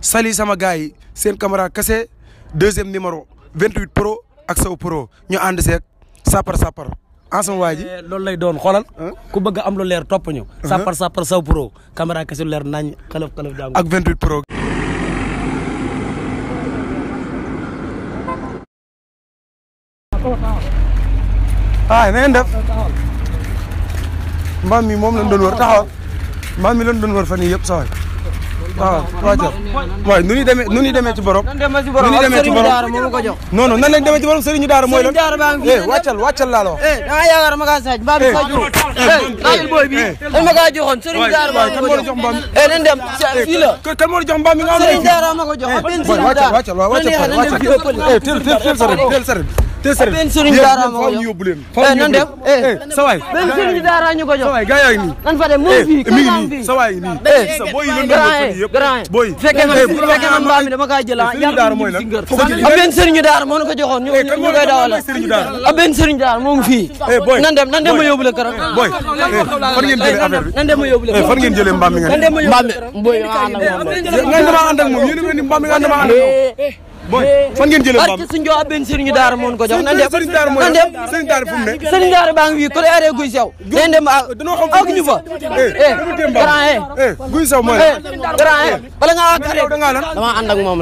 sali sama gars yi seen caméra kase deuxième numéro 28 pro ak saw pro ñu ànd seeg sapar sapar ensemble ah, waa ji eh, loolu lay doon xoolal ku bëgg am lu leer topp ñu sapar sapar saw pro caméra kase lu leer nañ xelëf xelëf jàng ak 28 pro waaw ah, na ngeen def mbaam doon wër taxawal mbaam mi lañ doon wër fan yëpp saway Ah, waaw waaw waaw nu ñuy demee nu ñuy demee ci borom. nu ñuy demee ci borom non non nan lañ demee ci borom Serigne Daara mooy lan. eh wàccal wàccal laa la wax. eh da ngaa yaakaar ma kaa saaj mbaam bi saa joxoon. eh laajal eh, booy bi eh. dañ ma kaa joxoon Serigne Daara maa ko jox eh nañ dem fii la. kan moo jox mbaam bi nga xam ne Serigne Daara ma ko jox. wàccal wàccal waaw wàccal wàccal eh teel teel teel sa te sëriñ benn sëriñ daara ñu yóbbu leen fa eh, eh, eh, sa waay benn sëriñ daara ñu ko jox sa waay gaa yaa ngi nii nan fa dem sa waay ngi nii eh sa boy lu ndam yëpp boy fekkee man fekkee ah, daara mooy lan ab ah, benn daara moo fii nan dem nan dem ma yóbbu la këram boy ah, fan ngeen jëlee affaire bi nan moom yéen dama barke suñu joo benn daara moo ko jox nan dem sëriñ daara moo nan dem sëriñ daara fu mu ne sëriñ daara baa ngi fii ko aree guy sew nan dem ak ah, eh, ñu fa eh, eh grand eh. eh guy sew mooy grand eh bala nga ak aree nga ànd ak la ñu ñu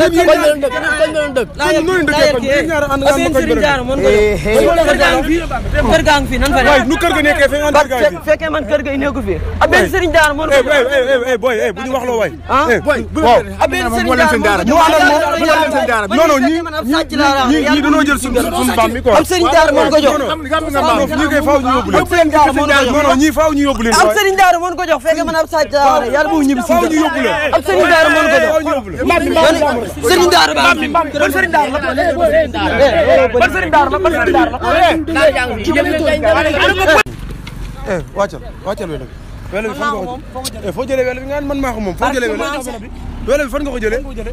dëkk bañ nan fa nu kër ga nekkee fee nga kër ga fekkee man kër ga nekku fii ah, ah? ak daara moo ko daara non non ñi ñi ñi dañoo jël suñu suñu bam bi quoi am sëriñ daara moo ko jox ñi koy faaw ñu yóbbu leen non non ñi faaw ñu yóbbu leen am sëriñ daara moo ko jox fekk man ab sàcc daara yàlla bu ñibbi si faaw ñu yóbbu leen am sëriñ daara moo ko jox sëriñ daara ba ban sëriñ daara la ban sëriñ daara la ban sëriñ daara la eh wàccal wàccal welo bi welo bi fan nga ko jëlee eh foo jëlee welo bi nga man maa ko moom foo jëlee welo bi fan nga ko jëlee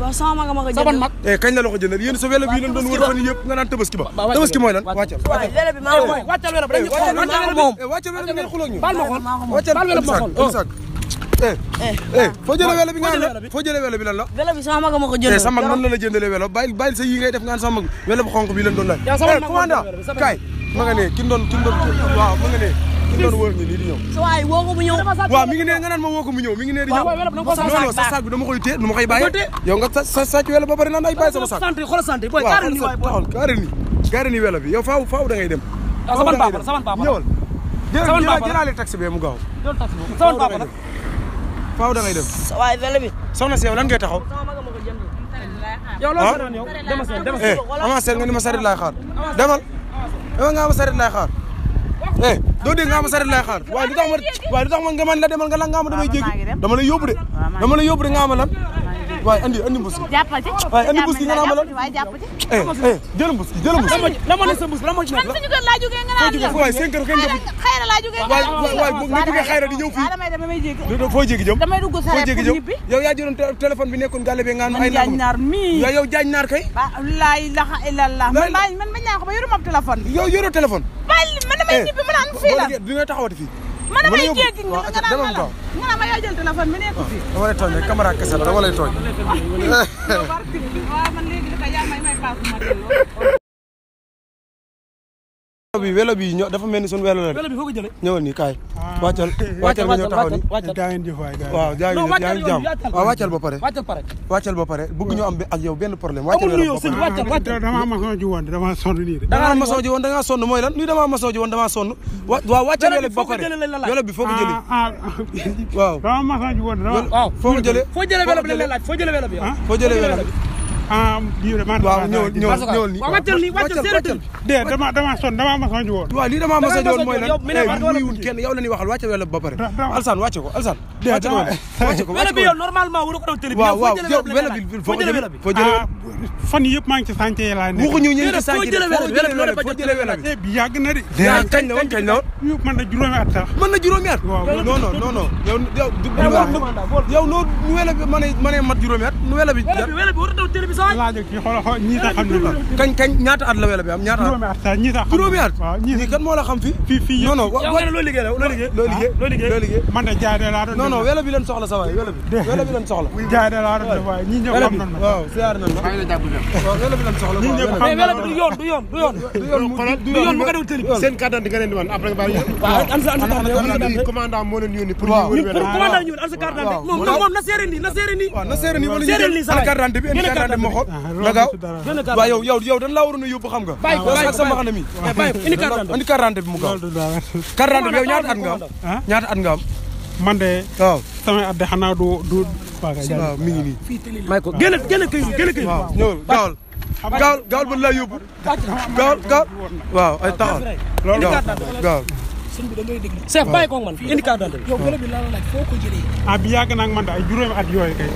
waaw sama ma ko jënd sama mag eh kañ la la ko jëndal yéen sa welo bi lañ doon wër fan yëpp nga naan tabaski ba tabaski mooy lan wàccal welo bi maa moom wàccal welo bi dañu xool wàccal welo moom eh, wàccal welo bi ma xool wàccal eh, eh, welo bi ma xool eh eh nga la foo jëlee welo bi lan la ko jëndal eh sama mag nan la la ki doon wër ni lii di mi ngi ne nga naan ma woo ko mu mi ngi ne di ñëw non sa sac bi dama koy téye dama koy bàyyi yow nga sa sac welo ba bari naan ay bàyyi sama sac centre xoolal centre boy gaari ni waay boy gaari ni gaari ni welo bi da ngay dem ah, sama papa la sama papa ñëwal da ngay dem si yow lan ngay taxaw ah. yow loo ah? sa naan eh, nga ni ma sarit demal dama nga ma sarit eh doo nga ma saret lay xaar waaye lu nga man la demal nga la nga ma damay jéggi dama lay yóbbu de dama nga ma lan waaye andi andi mbus jàppal ci waaye andi mbus gi nga eh, eh, ma lan waaye la ma ne sa la ma ci nekk suñu kër laa jógee nga naan waaye seen kër bi nekkoon gàlle bi nga naan ay mi yow jaañ kay la ilaha illallah man man ma ñaan ko ba yoruma téléphone yow yoroo damay eh, ñibbi ma naan fii la bi nga taxawati fii man damay jéggi nga naan la nga naan ma yaay jël téléphone mi nekk fii dama lay tooñ rek caméra kese la dama lay tooñ waaw man léegi dafa yaa may may paas ma welo bi welo bi dafa mel ni sunu welo la. welo bi foo ko jëlee. ñëwal nii kaay. Ah. wàccal wàccal nga ñëw taxaw nii waaw jaay yaa ngi jàmm waaw wàccal ba pare. wàccal ba pare bëgg ñu benn problème wàccal welo ba pare. damaa maçon ji woon damaa sonn nii de. damaa damaa sonn ji woon damaa sonn. waaw wàccal welo bi ba pare welo bi foo ko jëlee. Ah, ah. bi la laaj foo bi ah lii de man. waaw ñëw ñëw ñëw nii waaw wàccal nii wàccal séeréer de dama dama son dama ma soñu woon. waaw lii dama ma soñu woon mooy lan tey eh, wuyul kenn yow la ñuy waxal wàcce wala ba pare. alsan wàcce ko alsan. de dama wàcce ko wàcce ko yow normalement waru ko daw télé bi. waaw waaw wele bi foo jëlee wele bi foo jëlee ah, fan yëpp maa ngi ci sànq yi laa nekk. waxuñu ñu ngi ci sànq yi de foo jëlee wele bi foo jëlee wele bi. bi yàgg na de. yaa kañ la woon kañ la woon. mën na juróomi at sax. mën na juróomi at. waaw non non non non. yow yow du yow noo wele bi mën a mën a mat juróomi at wele bi. wele bi wele bi war a daw télé bi saay laajal kii xoolal xool ñii sax xam nañ la kañ kañ ñaata at la wela bi am ñaata at juróomi at ñii kan moo la xam fii fii fii non non loo liggéey la loo liggéey ah, loo liggéey loo liggéey man de jaay de laa doon non non wela bi lañ soxla sa waay wela bi wela bi lañ soxla jaay de laa doon waay ñi ñëpp xam nañ waaw siyaar nañ la waaw wela bi lañ soxla ñi ñëpp xam nañ du yoon du yoon du yoon du yoon mu ko dew tëli seen carte di nga leen di wan après nga bàyyi an sa an sa commandant moo leen yónni pour ñu wër commandant ñu an sa carte moom moom na seere ni na seere ni na seere ni wala ñu carte d'identité bi ma xool na gaaw waaw yow yow dañ laa waroon a yóbbu xam ga bàyyi sama xana mi indi carte d'identité bi mu gaaw carte d'identité bi yow ñaata at nga am ñaata at man de waaw sama at de xanaa du du waaw mi ngi nii may ko génn génn kay génn waaw ay taxawal gaawal Seex bàyyi bi yow bi laa la laaj foo ko jëlee ah bi yàgg naa ak man ay juróomi at yooyu kay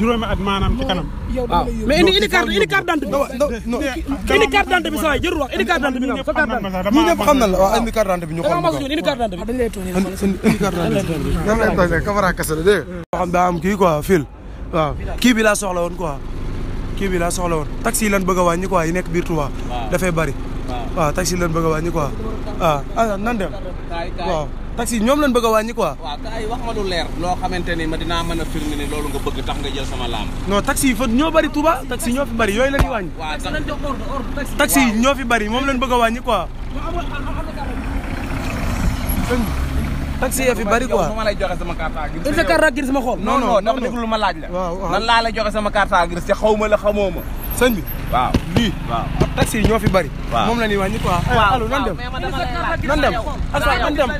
juróomi at maanaam ci kanam. waaw ah. mais indi indi carte ah, indi carte d'identité bi. indi carte d'identité bi saa yi jërul wax indi carte d'identité bi ñëpp xam nañ la ñun ñëpp xam nañ la waaw indi carte d'identité bi ñu xool. indi carte d'identité bi dañ lay toogee. indi carte d'identité bi nan lay toogee kamara kese la dégg nga. xam daa am kii quoi fil waaw kii bi laa soxla woon quoi kii bi laa soxla woon taxi yi lan bëgg a wàññi quoi yi nekk biir Touba dafay bari waaw taxi lañ bëgg a wàññi quoi ah ah nan dem waaw taxi ñoom lañ bëgg a wàññi quoi waaw leer loo xamante ni ma dinaa mën a firnde ni loolu nga bëgg tax nga jël sama laam non taxi yi fa ñoo bari Touba taxi ñoo fi bari yooyu la ñuy wàññi taxi ñoo fi bari moom lañ bëgg a wàññi quoi taxi yi fi bari quoi ma lay joxe sama carte grise. il sa carte grise ma xool. non non ma laaj la. waaw waaw nan laa lay joxe sama carte grise te xaw ma la xamoo ma. sëñ bi waaw lii waaw taxi yi ñoo fi bari moom la ñuy wàññi quoi allo nan dem nan dem asa nan dem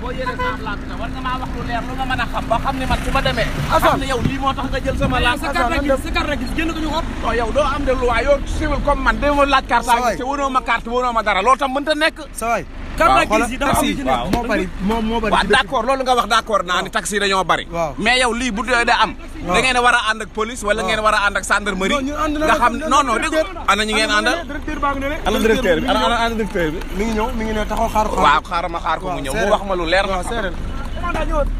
boo yëlee sama laaj na war nga maa wax lu leer lu ma mën a xam ba xam ne man su ma demee xam ne yow lii moo tax nga jël sama laaj sa carte grise sa carte grise génn ko ñu xool non yow doo am de loi yow civil comme man dama laaj carte grise te wóoroo ma carte wóoroo ma dara loolu tam mënta nekk carte grise yi loolu nga wax d'accord naa ni dañoo bari mais yow lii dee da am da ngeen war police wala ngeen war a ànd ak nga xam non non ana ñi ngeen ana directeur bi ana directeur bi mi ñëw mi ngi ne taxaw xaar ko mu ñëw mu wax ma lu leer na